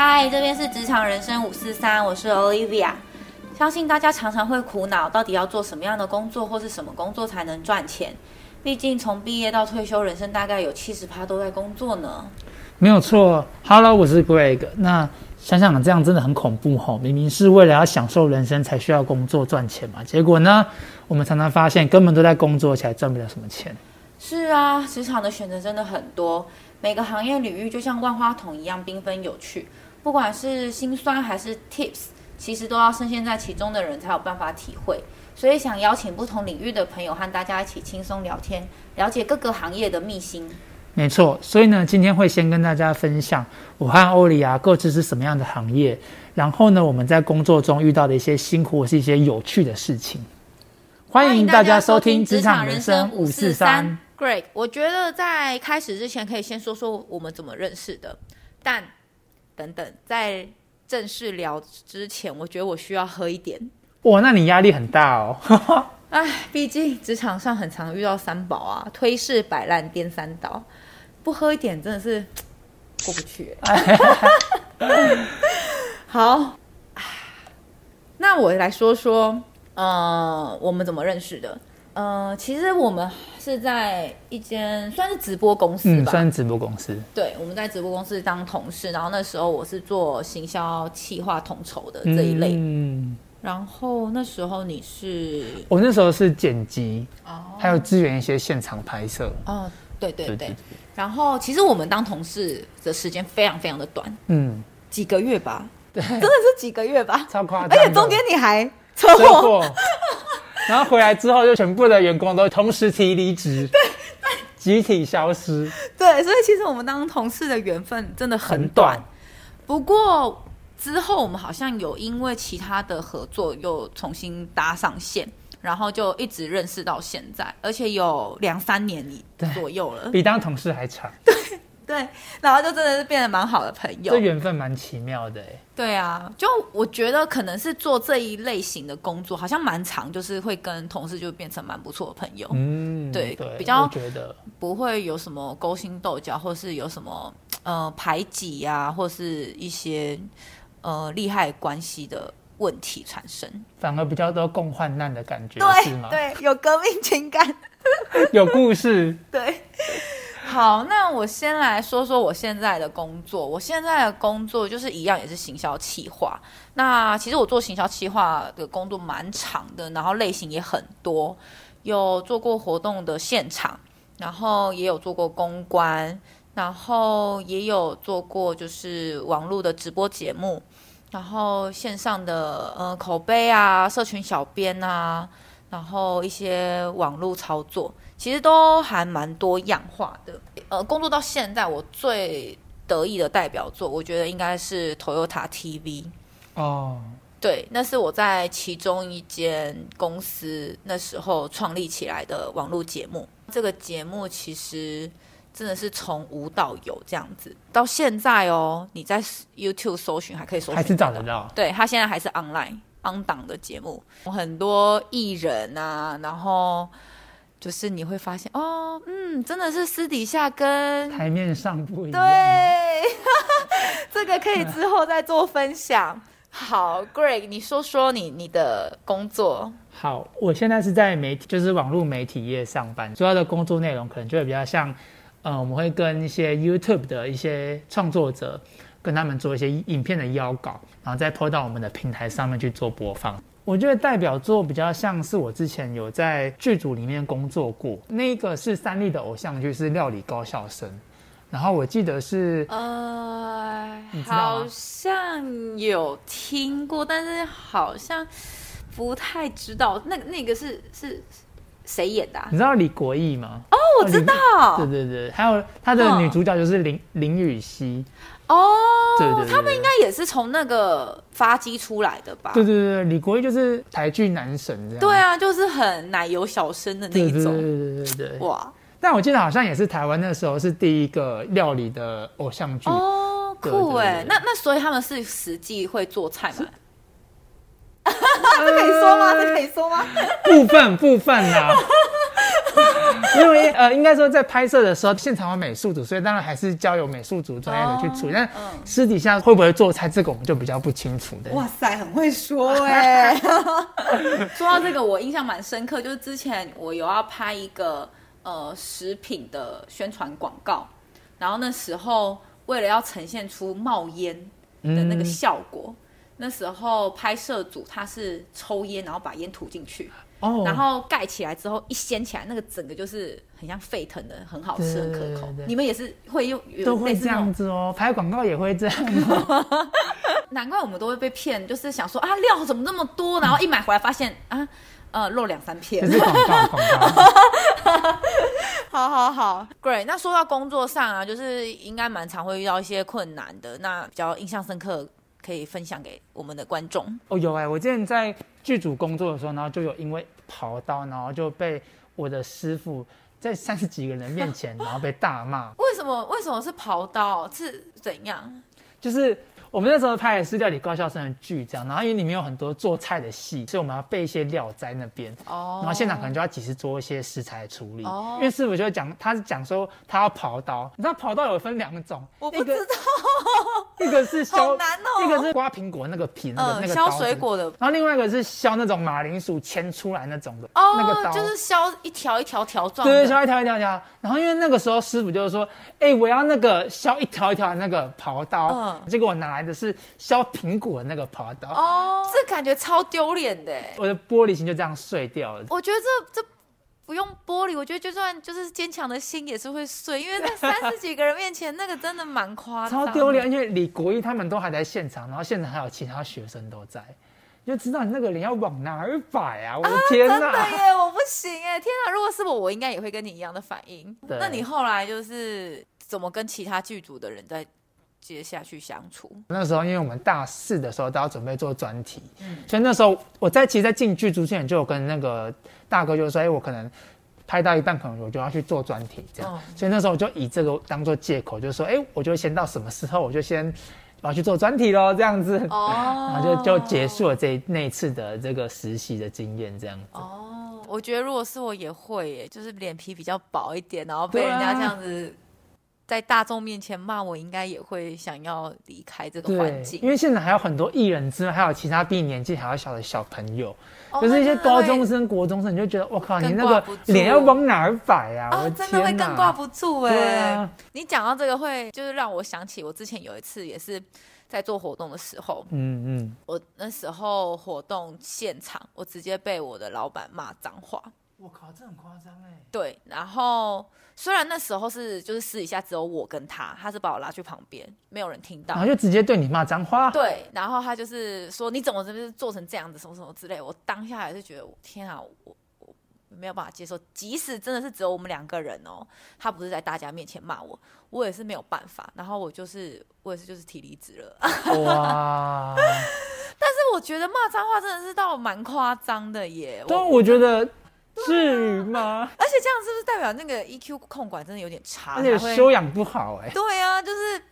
嗨，Hi，這邊是職場人生五四三，我是 Olivia。相信大家常常會苦惱，到底要做什麼樣的工作或是什麼工作才能賺錢？畢竟從畢業到退休，人生大概有七十趴都在工作呢。沒有錯，Hello，我是 Greg。那想想這樣真的很恐怖吼、哦，明明是為了要享受人生才需要工作賺錢嘛，結果呢，我們常常發現根本都在工作，起來，賺不了什麼錢。是啊，職場的選擇真的很多，每個行業領域就像萬花筒一樣繽紛有趣。不管是辛酸還是 tips，其實都要深陷在其中的人才有辦法體會。所以想邀請不同領域的朋友和大家一起輕鬆聊天，了解各個行業的秘辛。沒錯，所以呢，今天會先跟大家分享我和 Olivia 各自是什麼樣的行業，然後呢，我們在工作中遇到的一些辛苦是一些有趣的事情。歡迎大家收聽《職場人生五四三》。 Greg，我覺得在開始之前可以先說說我們怎麼認識的，但。等等，在正式聊之前，我覺得我需要喝一點。哇，那你壓力很大哦？哎， 畢竟職場上很常遇到三寶啊，推事擺爛顛三倒，不喝一點真的是過不去。 好，那我來說說，嗯、呃、我們怎麼認識的？呃，其實我們是在一間算是直播公司吧，嗯，算是直播公司。對，我們在直播公司當同事，然後那時候我是做行銷企劃統籌的這一類。嗯，然後那時候你是，我那時候是剪輯，哦，還有支援一些現場拍攝。哦、啊，對對對。對對對，然後其實我們當同事的時間非常非常的短，嗯，幾個月吧，對。真的是幾個月吧，超誇張的，而且中間你還車禍。車禍 然後回來之後，就全部的員工都同時提離職， 對，對，集體消失。對，所以其實我們當同事的緣分真的很短。很短。不過之後我們好像有因為其他的合作又重新搭上線，然後就一直認識到現在，而且有兩三年左右了，比當同事還長。對。對，然後就真的是變得蠻好的朋友，這緣分蠻奇妙的。對啊，就我覺得可能是做這一類型的工作，好像蠻長，就是會跟同事就變成蠻不錯的朋友。嗯，對，對對比較覺得不會有什麼勾心鬥角，或是有什麼呃排擠呀、啊，或是一些呃利害關係的問題產生，反而比較多共患難的感覺。對嗎對，有革命情感， 有故事，對。好，那我先來說說我現在的工作。我現在的工作就是一樣，也是行銷企劃。那其實我做行銷企劃的工作蠻長的，然後類型也很多，有做過活動的現場，然後也有做過公關，然後也有做過就是網絡的直播節目，然後線上的，呃，口碑啊、社群小編啊。然後一些網絡操作，其實都還蠻多樣化的。呃，工作到現在，我最得意的代表作，我覺得應該是 TOYOTA TV 哦。對，那是我在其中一間公司那時候創立起來的網絡節目。這個節目其實真的是從無到有這樣子，到現在哦，你在 YouTube 搜尋還可以搜尋，還是找得到。對，它現在還是 online。當檔的節目，很多藝人啊，然後就是你會發現，哦，嗯，真的是私底下跟台面上不一樣。對， 這個可以之後再做分享。好，Greg，你說說你你的工作。好，我現在是在媒體，就是網絡媒體業上班，主要的工作內容可能就會比較像，嗯、呃，我們會跟一些 YouTube 的一些創作者。跟他們做一些影片的邀稿，然後再拖到我們的平台上面去做播放。我覺得代表作比較像是我之前有在劇組裡面工作過，那個是三立的偶像劇是《料理高校生》，然後我記得是，呃，好像有聽過，但是好像不太知道。那那個是是誰演的啊？你知道李國毅嗎？哦，我知道。對對對，還有他的女主角就是林、嗯、林雨希。哦，他們應該也是從那個發跡出來的吧？對對對，李國毅就是台劇男神這樣。對啊，就是很奶油小生的那一種。對對，對對對對，哇！但我記得好像也是台灣那時候是第一個料理的偶像劇哦，酷哎！那那所以他們是實際會做菜嗎？是 這可以說嗎？這可以說嗎？部分部分啦。 因為呃，應該說在拍攝的時候，現場有美術組，所以當然還是交由美術組專業的去處理。哦嗯、但私底下會不會做菜，這個我們就比較不清楚的。哇塞，很會說哎、欸！ 說到這個，我印象蠻深刻，就是之前我有要拍一個呃食品的宣傳廣告，然後那時候為了要呈現出冒煙的那個效果，嗯、那時候拍攝組他是抽煙，然後把煙吐進去。哦，然後蓋起來之後一掀起來，那個整個就是很像沸騰的，很好吃，對很可口。對對對，你們也是會用，都會這樣子哦，拍廣告也會這樣，哦。 難怪我們都會被騙，就是想說啊，料怎麼這麼多？然後一買回來發現啊，呃，漏兩三片。 好好好，Great。那說到工作上啊，就是應該蠻常會遇到一些困難的。那比較印象深刻。可以分享給我們的觀眾哦，oh, 有哎、欸，我之前在劇組工作的時候，呢，就有因為刨刀，然後就被我的師傅在三十幾個人面前， 然後被大罵。為什麼？為什麼是刨刀？是怎樣？就是我們那時候拍的是料理高校生的劇，這樣，然後因為裡面有很多做菜的戲，所以我們要備一些料在那邊。哦。Oh. 然後現場可能就要及時做一些食材的處理。哦。Oh. 因為師傅就會講，他是講說他要刨刀。你知道刨刀有分兩種。我不知道。個 一個是削，嗯好難哦，一個是刮蘋果那個皮的那個，嗯、那個刀子、削水果的。然後另外一個是削那種馬鈴薯牽出來那種的，哦，那個刀就是削一條一條條狀，對，削一條一條條。然後因為那個時候師傅就是說，哎、欸，我要那個削一條一條的那個刨刀，嗯、結果我拿來的是削蘋果的那個刨刀。哦，這感覺超丟臉的。我的玻璃心就這樣碎掉了。我覺得這這。不用玻璃，我覺得就算就是堅強的心也是會碎，因為在三十幾個人面前， 那個真的蠻誇張，超丟臉。因為李國一他們都還在現場，然後現場還有其他學生都在，就知道你那個臉要往哪兒擺啊！我的天哪、啊啊，真的耶，我不行耶，天哪、啊！如果是我，我應該也會跟你一樣的反應。對那你後來就是怎麼跟其他劇組的人在？接下去相處。那時候，因為我們大四的時候都要準備做專題，嗯、所以那時候我在其實進劇組前，就有跟那個大哥就是說：“哎、欸，我可能拍到一半，可能我就要去做專題，這樣。嗯”所以那時候我就以這個當做借口，就是說：“哎、欸，我就先到什麼時候，我就先我要去做專題嘍。”這樣子，哦、然後就就結束了這一那次的這個實習的經驗，這樣子。哦，我覺得如果是我也會、欸，哎，就是臉皮比較薄一點，然後被人家這樣子、啊。在大眾面前罵我，應該也會想要離開這個環境，因為現場還有很多藝人之外，還有其他比年紀還要小的小朋友，可是、哦、一些高中生、哎、那那國中生，你就覺得我靠，你那個臉要往哪兒擺啊，啊，啊，啊？真的會更掛不住哎、欸！啊、你講到這個會，就是讓我想起我之前有一次也是在做活動的時候，嗯嗯，嗯，我那時候活動現場，我直接被我的老闆罵髒話。我靠，這很誇張哎！對，然後雖然那時候是就是私底下只有我跟他，他是把我拉去旁邊，沒有人聽到，然後、啊、就直接對你罵髒話。對，然後他就是說你怎麼這邊是做成這樣子，什麼什麼之類。我當下還是覺得天啊，我我沒有辦法接受，即使真的是只有我們兩個人哦、喔，他不是在大家面前罵我，我也是沒有辦法。然後我就是我也是就是提離職了。哇！ 但是我覺得罵髒話真的是倒蠻誇張的耶。但對我,我覺得。至於嗎？而且這樣是不是代表那個 EQ 控管真的有點差？而且修養不好哎、欸。對啊，就是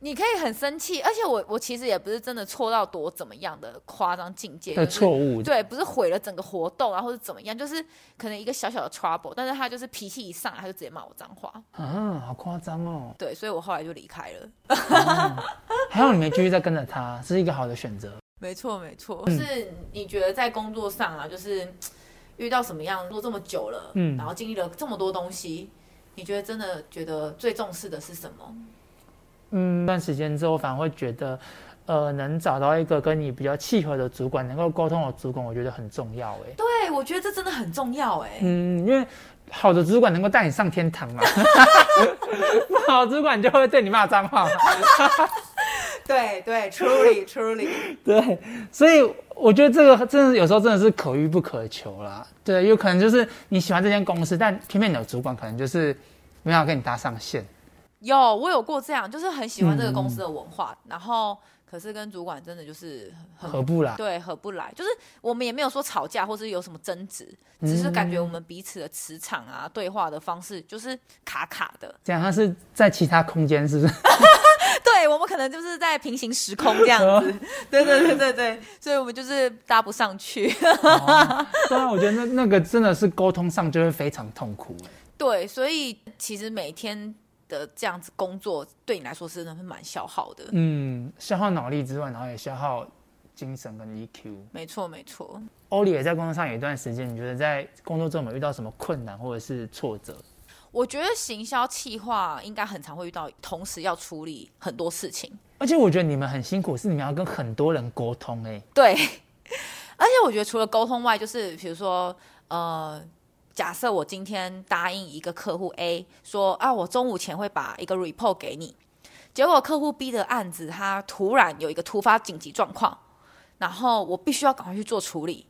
你可以很生氣，而且我我其實也不是真的錯到多怎麼樣的誇張境界。錯誤、就是。對，不是毀了整個活動、啊，然或是怎麼樣？就是可能一個小小的 trouble，但是他就是脾氣一上來，他就直接罵我髒話。啊，好誇張哦。對，所以我後來就離開了。啊、還好，你沒繼續在跟着他， 是一個好的選擇。沒錯，沒錯、嗯。就是你覺得在工作上啊，就是。遇到什麼樣，做這麼久了，嗯，然後經歷了這麼多東西，你覺得真的覺得最重視的是什麼？嗯，一段時間之後，反而會覺得，呃，能找到一個跟你比較契合的主管，能夠溝通的主管，我覺得很重要。哎，對，我覺得這真的很重要。哎，嗯，因為好的主管能夠帶你上天堂嘛，不 好主管就會對你罵髒話。 對對，truly truly， 對，所以我覺得這個真的有時候真的是可遇不可求啦。對，有可能就是你喜歡這間公司，但偏偏有主管可能就是沒有跟你搭上線。有，我有過這樣，就是很喜歡這個公司的文化，嗯、然後可是跟主管真的就是合不來。對，合不來，就是我們也沒有說吵架或是有什麼爭執，只是感覺我們彼此的磁場啊，對話的方式就是卡卡的。這樣，他是在其他空間，是不是？ 對，我們可能就是在平行時空這樣子，麼對對對對對， 所以我們就是搭不上去。當然、哦， 我覺得那那個真的是溝通上就會非常痛苦。對，所以其實每天的這樣子工作，對你來說是真的是蠻消耗的。嗯，消耗腦力之外，然後也消耗精神跟 EQ。沒錯，沒錯。Olivia 在工作上有一段時間，你覺得在工作中有沒有遇到什麼困難或者是挫折？我覺得行銷企劃應該很常會遇到，同時要處理很多事情。而且我覺得你們很辛苦，是你們要跟很多人溝通誒、欸。對，而且我覺得除了溝通外，就是比如說，呃，假設我今天答應一個客戶 A 說啊，我中午前會把一個 report 給你，結果客戶 B 的案子他突然有一個突發緊急狀況，然後我必須要趕快去做處理。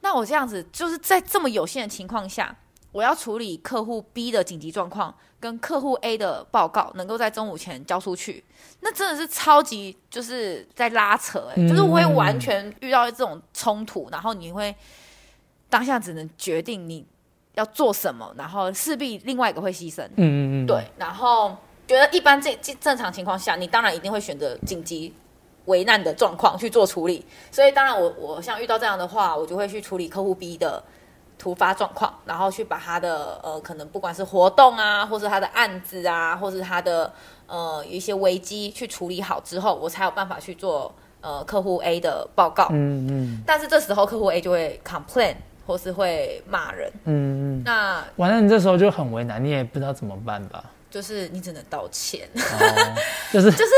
那我這樣子就是在這麼有限的情況下。我要處理客戶 B 的緊急狀況，跟客戶 A 的報告能夠在中午前交出去，那真的是超級就是在拉扯哎、欸，就是我會完全遇到這種衝突，然後你會當下只能決定你要做什麼，然後勢必另外一個會犧牲，嗯嗯嗯，對，然後覺得一般這正正常情況下，你當然一定會選擇緊急危難的狀況去做處理，所以當然我我像遇到這樣的話，我就會去處理客戶 B 的。突發狀況，然後去把他的呃，可能不管是活動啊，或是他的案子啊，或是他的呃有一些危機去處理好之後，我才有辦法去做呃客戶 A 的報告。嗯嗯。嗯，但是這時候客戶 A 就會 complain 或是會罵人。嗯，那完了，你這時候就很為難，你也不知道怎麼辦吧？就是你只能道歉。 oh, 就是就是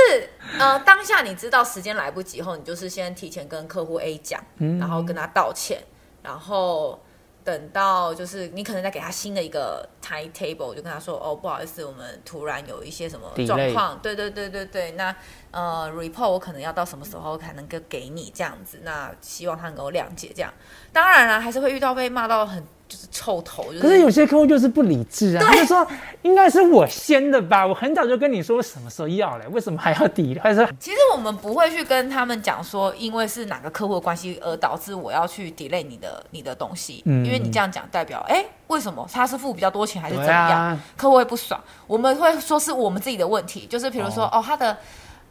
呃，當下你知道時間來不及後，你就是先提前跟客戶 A 講，嗯、然後跟他道歉，oh. 然後。等到就是你可能再給他新的一個 timetable，就跟他說哦，不好意思，我們突然有一些什麼狀況，delay 對對對對對，那呃 report 我可能要到什麼時候才能夠給你這樣子，那希望他能夠諒解這樣。當然啦，還是會遇到被罵到很。就是臭頭，就是、可是有些客戶就是不理智啊，對他就說應該是我先的吧，我很早就跟你說什麼時候要了，為什麼還要抵？還是其實我們不會去跟他們講說，因為是哪個客戶的關係而導致我要去 delay 你的你的東西，嗯，因為你這樣講代表，哎、嗯，為什麼他是付比較多錢還是怎麼樣，啊、客戶會不爽，我們會說是我們自己的問題，就是比如說哦，哦他的。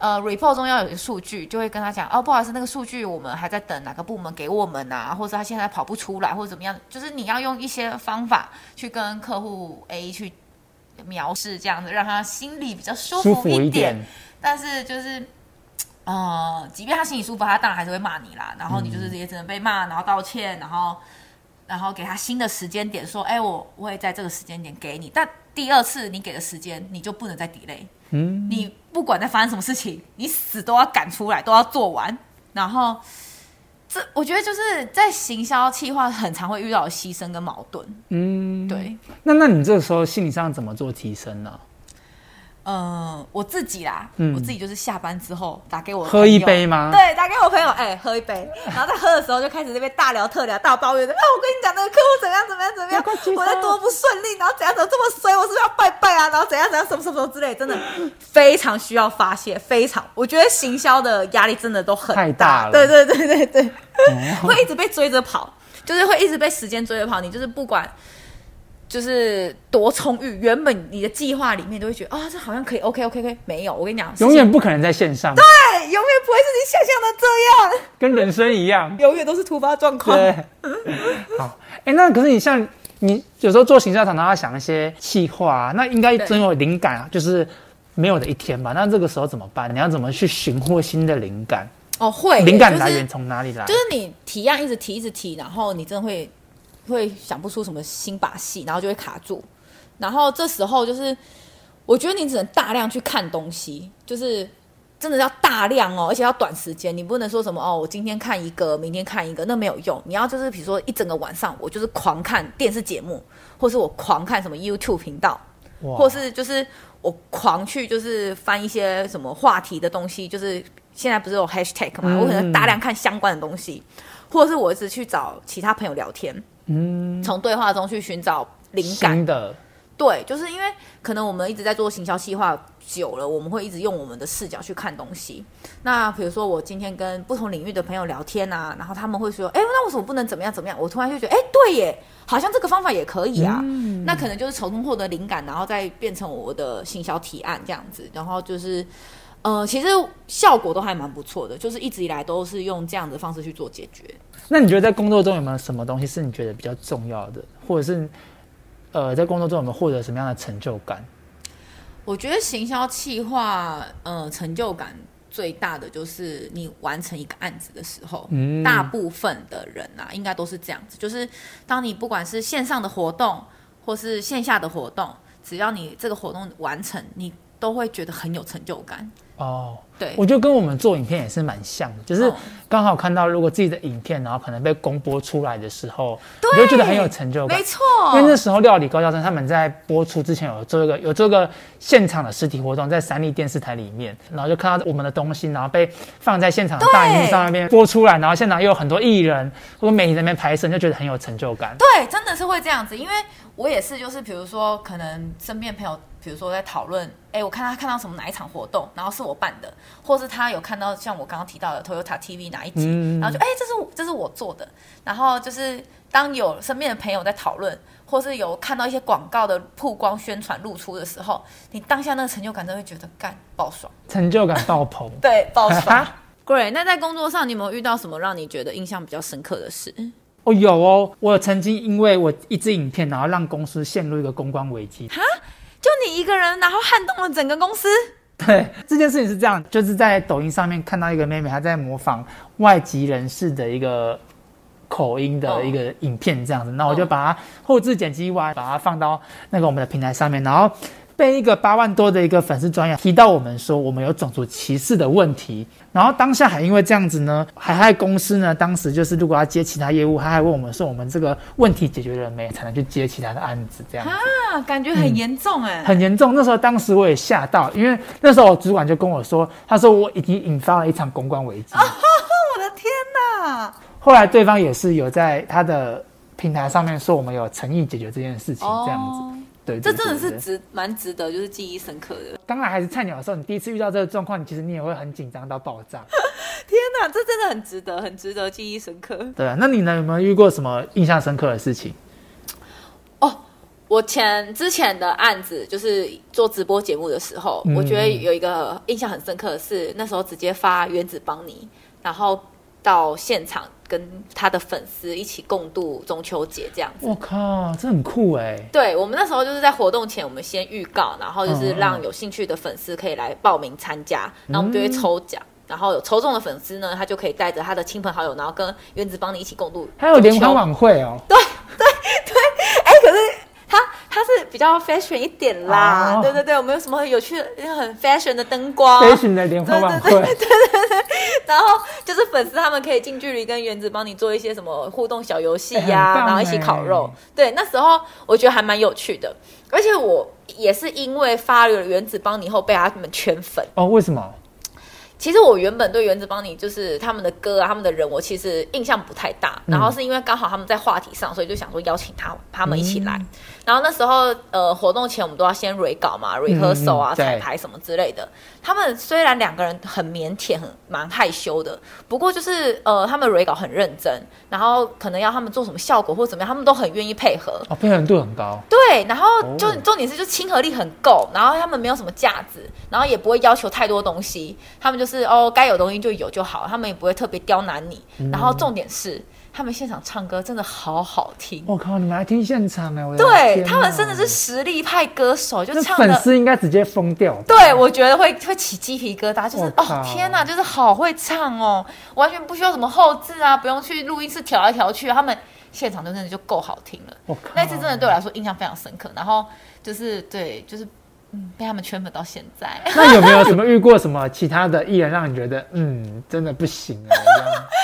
呃，report 中要有一個數據，就會跟他講哦，不好意思，那個數據我們還在等哪個部門給我們啊，或者他現在跑不出來，或者怎麼樣，就是你要用一些方法去跟客戶 A 去描述這樣子，讓他心裡比較舒服一點。一點，但是就是，呃，即便他心裡舒服，他當然還是會罵你啦。然後你就是也只能被罵，然後道歉，然後然後給他新的時間點，說，哎，我我會在這個時間點給你，但。第二次你給的時間，你就不能再 delay。嗯，你不管在發生什麼事情，你死都要趕出來，都要做完。然後，這我覺得就是在行銷企劃很常會遇到的犧牲跟矛盾。嗯，對。那那你這個時候心理上怎麼做提升呢、啊？嗯，我自己啦，嗯，我自己就是下班之後打給我喝一杯嗎？對，打給我朋友，哎、欸，喝一杯，然後在喝的時候就開始那邊大聊特聊，大抱怨的、啊。我跟你講，那個客戶怎麼樣怎麼樣怎麼樣，我在多不順利，然後怎樣怎樣，怎麼這麼衰，我是不是要拜拜啊，然後怎樣怎樣什麼什麼什麼之類，真的非常需要發洩，非常，我覺得行銷的壓力真的都很大，太大了。對對對對對，有 會一直被追着跑，就是會一直被時間追着跑，你就是不管。就是多充裕，原本你的計劃裡面都會覺得啊、哦，這好像可以。OK，OK，OK，OK, OK, OK, 沒有，我跟你講，永遠不可能在線上。對，永遠不會是你想象的這樣。跟人生一樣， 永遠都是突發狀況。對 好，哎、欸，那可是你像你有時候做行銷常常要想一些企劃啊，那應該真有靈感啊，對就是沒有的一天吧？那這個時候怎麼辦？你要怎麼去尋獲新的靈感？哦，會、欸，靈感來源從哪裡來？就是、就是你提案一直提，一直提，然後你真的會。會想不出什麼新把戲，然後就會卡住。然後這時候就是，我覺得你只能大量去看東西，就是真的要大量哦，而且要短時間。你不能說什麼哦，我今天看一個，明天看一個，那沒有用。你要就是比如說一整個晚上，我就是狂看電視節目，或是我狂看什麼 YouTube 頻道，哇或是就是我狂去就是翻一些什麼話題的東西。就是現在不是有 Hashtag 嗎？嗯嗯，我可能大量看相關的東西，或者是我一直去找其他朋友聊天。嗯，從對話中去尋找靈感，的對，就是因為可能我們一直在做行銷企劃久了，我們會一直用我們的視角去看東西。那比如說，我今天跟不同領域的朋友聊天啊，然後他們會說：“哎、欸，那為什麼不能怎麼樣怎麼樣？”我突然就覺得：“哎、欸，對耶，好像這個方法也可以啊。嗯”那可能就是從中獲得靈感，然後再變成我的行銷提案這樣子，然後就是。呃，其實效果都還蠻不錯的，就是一直以來都是用這樣的方式去做解決。那你覺得在工作中有沒有什麼東西是你覺得比較重要的，或者是呃，在工作中有沒有獲得什麼樣的成就感？我覺得行銷企劃，呃，成就感最大的就是你完成一個案子的時候，嗯，大部分的人吶，啊，應該都是這樣子，就是當你不管是線上的活動或是線下的活動，只要你這個活動完成，你都會覺得很有成就感。哦，oh, 對，我就跟我們做影片，也是蠻像的，就是剛好看到如果自己的影片然後可能被公播出來的時候，對你就覺得很有成就感。沒錯，因為那時候料理高校生他們在播出之前有做一個有做個現場的實體活動，在三立電視台裡面，然後就看到我們的東西，然後被放在現場的大熒幕上那邊播出來，然後現場又有很多藝人或者媒體在那邊拍攝，你就覺得很有成就感。對，真的是會這樣子，因為我也是，就是比如說可能身邊朋友。比如說在討論，哎，我看他看到什麼哪一場活動，然後是我辦的，或是他有看到像我剛剛提到的 Toyota TV 哪一集，嗯、然後就哎，這是這是我做的。然後就是當有身邊的朋友在討論，或是有看到一些廣告的曝光、宣傳露出的時候，你當下那個成就感就會覺得幹爆爽，成就感爆棚。 對，爆爽。哈 Great，那在工作上你有沒有遇到什麼讓你覺得印象比較深刻的事？哦，有哦，我曾經因為我一支影片，然後讓公司陷入一個公關危機。就你一個人，然後撼動了整個公司。對，這件事情是這樣，就是在抖音上面看到一個妹妹，她在模仿外籍人士的一個口音的一個影片，這樣子。那我就把它後製剪輯完，把它放到那個我們的平台上面，然後。被一個八萬多的一個粉絲專業提到我們說我們有種族歧視的問題，然後當下還因為這樣子呢，還害公司呢。當時就是如果要接其他業務，他還問我們說我們這個問題解決了沒，才能去接其他的案子。這樣啊，感覺很嚴重哎，嗯，很嚴重。那時候當時我也嚇到，因為那時候主管就跟我說，他說我已經引發了一場公關危機。哦，我的天哪！後來對方也是有在他的平台上面說我們有誠意解決這件事情，這樣子。哦對這真的是值對、對，蠻值得，就是記憶深刻的。剛來還是菜鳥的時候，你第一次遇到這個狀況，其實你也會很緊張到爆炸。 天哪，這真的很值得，很值得記憶深刻。對啊，那你呢？有沒有遇過什麼印象深刻的事情？哦，我前之前的案子就是做直播節目的時候，嗯、我覺得有一個印象很深刻的是，嗯、那時候直接發原子邦妮，然後到現場。跟他的粉絲一起共度中秋節，這樣子。我靠，這很酷哎！對我們那時候就是在活動前，我們先預告，然後就是讓有興趣的粉絲可以來報名參加，那我們就會抽獎，然後有抽中的粉絲呢，他就可以帶着他的親朋好友，然後跟原子邦妮一起共度。還有聯歡晚會哦，對對對。 它是比較 fashion 一點啦，對對對，我沒有什麼有趣的、很 fashion 的燈光？fashion 的燈光嘛，對對對對對對。然後就是粉絲他們可以近距離跟原子邦妮做一些什麼互動小遊戲呀，然後一起烤肉。對，那時候我覺得還蠻有趣的，而且我也是因為發了原子邦妮後被他們圈粉哦。為什麼？其實我原本對原子邦妮就是他們的歌啊，他們的人，我其實印象不太大。嗯、然後是因為剛好他們在話題上，所以就想說邀請他們他們一起來。嗯、然後那時候呃，活動前我們都要先 re 稿嘛，re、嗯、rehearsal 啊，彩排什麼之類的。嗯他們雖然兩個人很腼腆很，很蠻害羞的，不過就是呃，他們的 review 稿很認真，然後可能要他們做什麼效果或怎麼樣，他們都很願意配合。哦，配合度很高。對，然後就、哦、重點是就是親和力很夠，然後他們沒有什麼架子，然後也不會要求太多東西，他們就是哦該有東西就有就好，他們也不會特別刁難你。嗯、然後重點是。他們現場唱歌真的好好聽！我靠，你們來聽現場沒？我啊、對，他們真的是實力派歌手，就唱的粉絲應該直接瘋掉。對，我覺得會會起雞皮疙瘩，就是、oh, God. 哦天哪、啊，就是好會唱哦，完全不需要什麼後製啊，不用去錄音室調來調去，他們現場就真的就夠好聽了。那次、oh, God. 真的對我來說印象非常深刻，然後就是對，就是、嗯、被他們圈粉到現在。那有沒有什麼 遇過什麼其他的藝人讓你覺得嗯真的不行啊？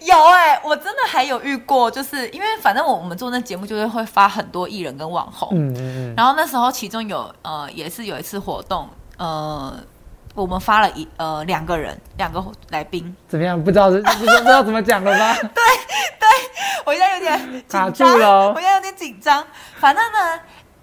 有哎、欸，我真的還有遇過，就是因為反正我我們做那節目就是會發很多藝人跟網紅，嗯嗯，然後那時候其中有呃也是有一次活動，呃，我們發了一呃兩個人兩個來賓，怎麼樣？不知道是不知道怎麼講了吧？ 對對，我現在有點緊張了、哦，我現在有點緊張，反正呢。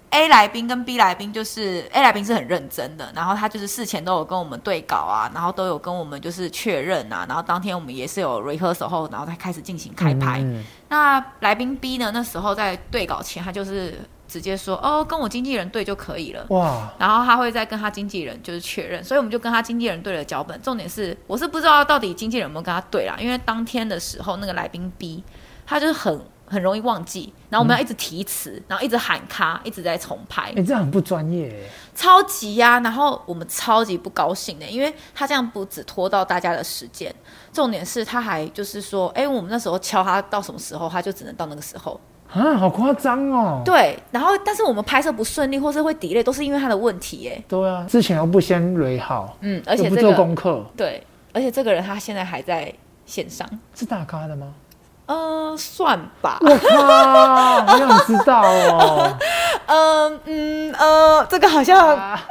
A 來賓跟 B 來賓就是 A 來賓是很認真的，然後他就是事前都有跟我們對稿啊，然後都有跟我們就是確認啊，然後當天我們也是有 rehearsal 後，然後他開始進行開拍。嗯嗯那來賓 B 呢，那時候在對稿前，他就是直接說：“哦，跟我經紀人對就可以了。”哇！然後他會再跟他經紀人就是確認，所以我們就跟他經紀人對了腳本。重點是，我是不知道到底經紀人有沒有跟他對啦，因為當天的時候，那個來賓 B 他就是很。很容易忘記，然後我們要一直提詞，嗯、然後一直喊卡，一直在重拍。你、欸、這樣很不專業。超級呀、啊，然後我們超級不高興的，因為他這樣不只拖到大家的時間，重點是他還就是說，哎、欸，我們那時候敲他到什麼時候，他就只能到那個時候。啊，好誇張哦。對，然後但是我們拍攝不順利或是會 delay，都是因為他的問題耶。對啊，之前又不先 review 好，嗯，而且、這個、不做功課。對，而且這個人他現在還在線上，是大咖的嗎？呃，算吧。塞 我靠，好想知道哦。 呃、嗯嗯呃，這個好像。啊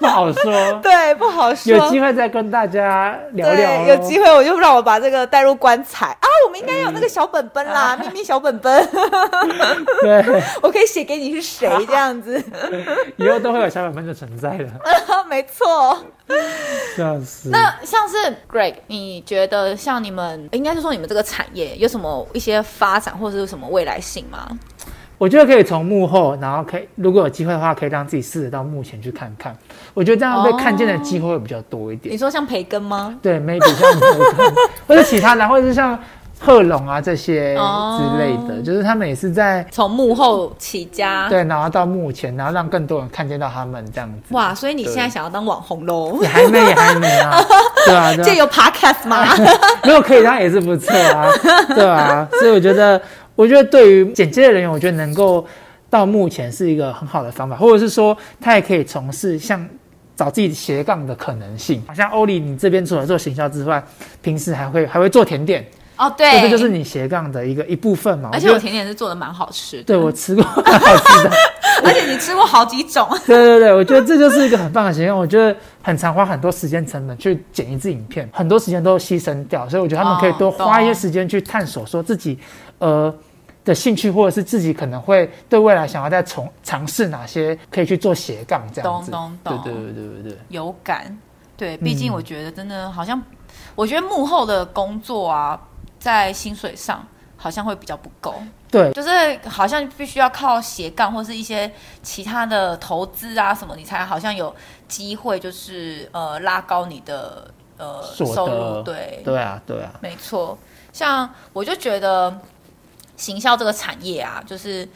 不好說，對，不好說。有機會再跟大家聊聊哦。對，有機會我就讓我把這個帶入棺材啊！我們應該有那個小本本啦，對秘密小本本。 對，我可以寫給你是誰好這樣子。以後都會有小本本的存在的沒錯。是那像是 Greg 你覺得像你們，應該是說你們這個產業有什麼一些發展或者是有什麼未來性嗎？我覺得可以從幕後，然後可以如果有機會的話，可以讓自己試着到幕前去看看。我覺得這樣被看見的機會會比較多一點。Oh, 對你說像培根嗎？對，maybe 像 或者其他然後或者是像賀龍啊這些之類的，oh, 就是他們也是在從幕後起家，對，然後到幕前，然後讓更多人看見到他們這樣子。哇，所以你現在想要當網紅嘍？也還沒，也還沒啊, 啊，對啊，這有 podcast 嗎？ 沒有，可以當也是不錯啊，對啊，所以我覺得。我覺得對於剪接的人員，我覺得能夠到目前是一個很好的方法，或者是說他也可以從事像找自己斜槓的可能性。好像歐裡，你這邊除了做行銷之外，平時還會還會做甜點哦，oh, 對，這個就是你斜槓的一個一部分嘛。而且我甜點是做的蠻好吃的，對我吃過蠻好吃的，吃而且你吃過好幾種，對對對，我覺得這就是一個很棒的斜槓。我覺得很常花很多時間成本去剪一支影片，很多時間都犧牲掉，所以我覺得他們可以多花一些時間去探索，說自己、oh, 呃。的興趣，或者是自己可能會對未來想要再從嘗試哪些可以去做斜槓這樣子，咚對對對對對，對，有感。對，畢竟我覺得真的好像，我覺得幕後的工作啊，在薪水上好像會比較不夠。對，就是好像必須要靠斜槓或是一些其他的投資啊什麼，你才好像有機會就是呃拉高你的呃收入。所得對對啊對啊，沒錯。像我就覺得。行銷這個產業啊，就是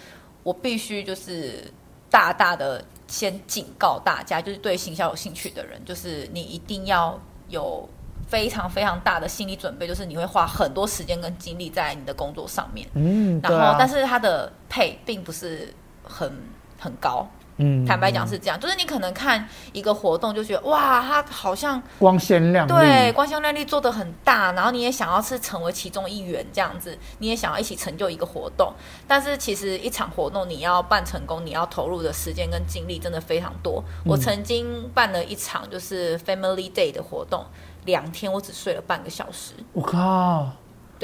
我必須就是大大的先警告大家，就是對行銷有興趣的人，就是你一定要有非常非常大的心理準備,就是你會花很多時間跟精力在你的工作上面。嗯，啊、然後但是它的 pay 並不是很很高。嗯，坦白講是這樣，就是你可能看一個活動就覺得哇，它好像光鮮亮麗，對，光鮮亮麗做得很大，然後你也想要是成為其中一員這樣子，你也想要一起成就一個活動。但是其實一場活動你要辦成功，你要投入的時間跟精力真的非常多。嗯、我曾經辦了一場就是 Family Day 的活動，兩天我只睡了半個小時。我、哦、靠！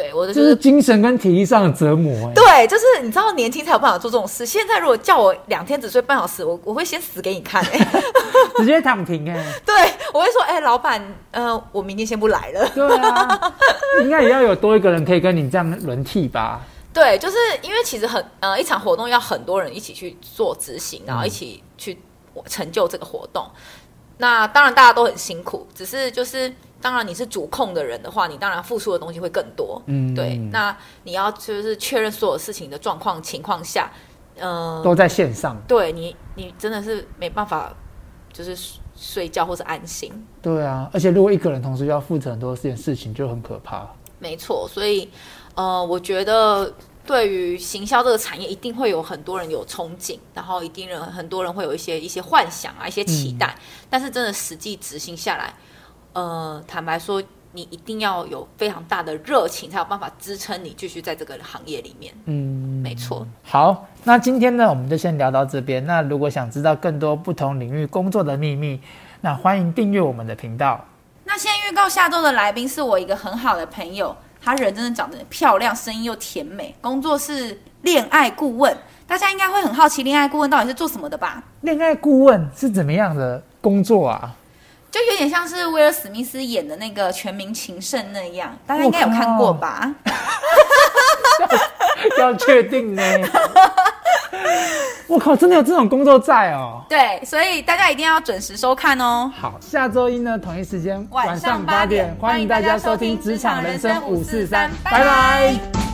對，我的、就是、就是精神跟體力上的折磨、欸。對，就是你知道，年輕才有辦法做這種事。現在如果叫我兩天只睡半小時，我我會先死給你看、欸， 直接躺平哎、欸。對，我會說，哎、欸，老闆，嗯、呃，我明天先不來了。對啊， 應該也要有多一個人可以跟你這樣輪替吧？對，就是因為其實很呃，一場活動要很多人一起去做執行，然後一起去成就這個活動。嗯、那當然大家都很辛苦，只是就是。當然，你是主控的人的話，你當然付出的東西會更多。嗯，對。那你要就是確認所有事情的狀況情況下，嗯、呃，都在線上。對你，你真的是沒辦法，就是睡覺或是安心。對啊，而且如果一個人同時要負責很多件事情，就很可怕。沒錯，所以呃，我覺得對於行銷這個產業，一定會有很多人有憧憬，然後一定人很多人會有一些一些幻想啊，一些期待。嗯、但是真的實際執行下來。呃，坦白說，你一定要有非常大的熱情，才有辦法支撐你繼續在這個行業裡面。嗯，沒錯。好，那今天呢，我們就先聊到這邊。那如果想知道更多不同領域工作的秘密，那歡迎訂閱我們的頻道。那現在預告下周的來賓是我一個很好的朋友，他人真的長得漂亮，聲音又甜美，工作是戀愛顧問。大家應該會很好奇，戀愛顧問到底是做什麼的吧？戀愛顧問是怎麼樣的工作啊？就有點像是威爾·史密斯演的那個《全民情聖》那樣，大家應該有看過吧？要確定呢？ 我靠，真的有這種工作在哦！對，所以大家一定要準時收看哦。好，下周一呢，同一時間晚上八點，歡迎大家收聽《職場人生五四三》， 拜拜。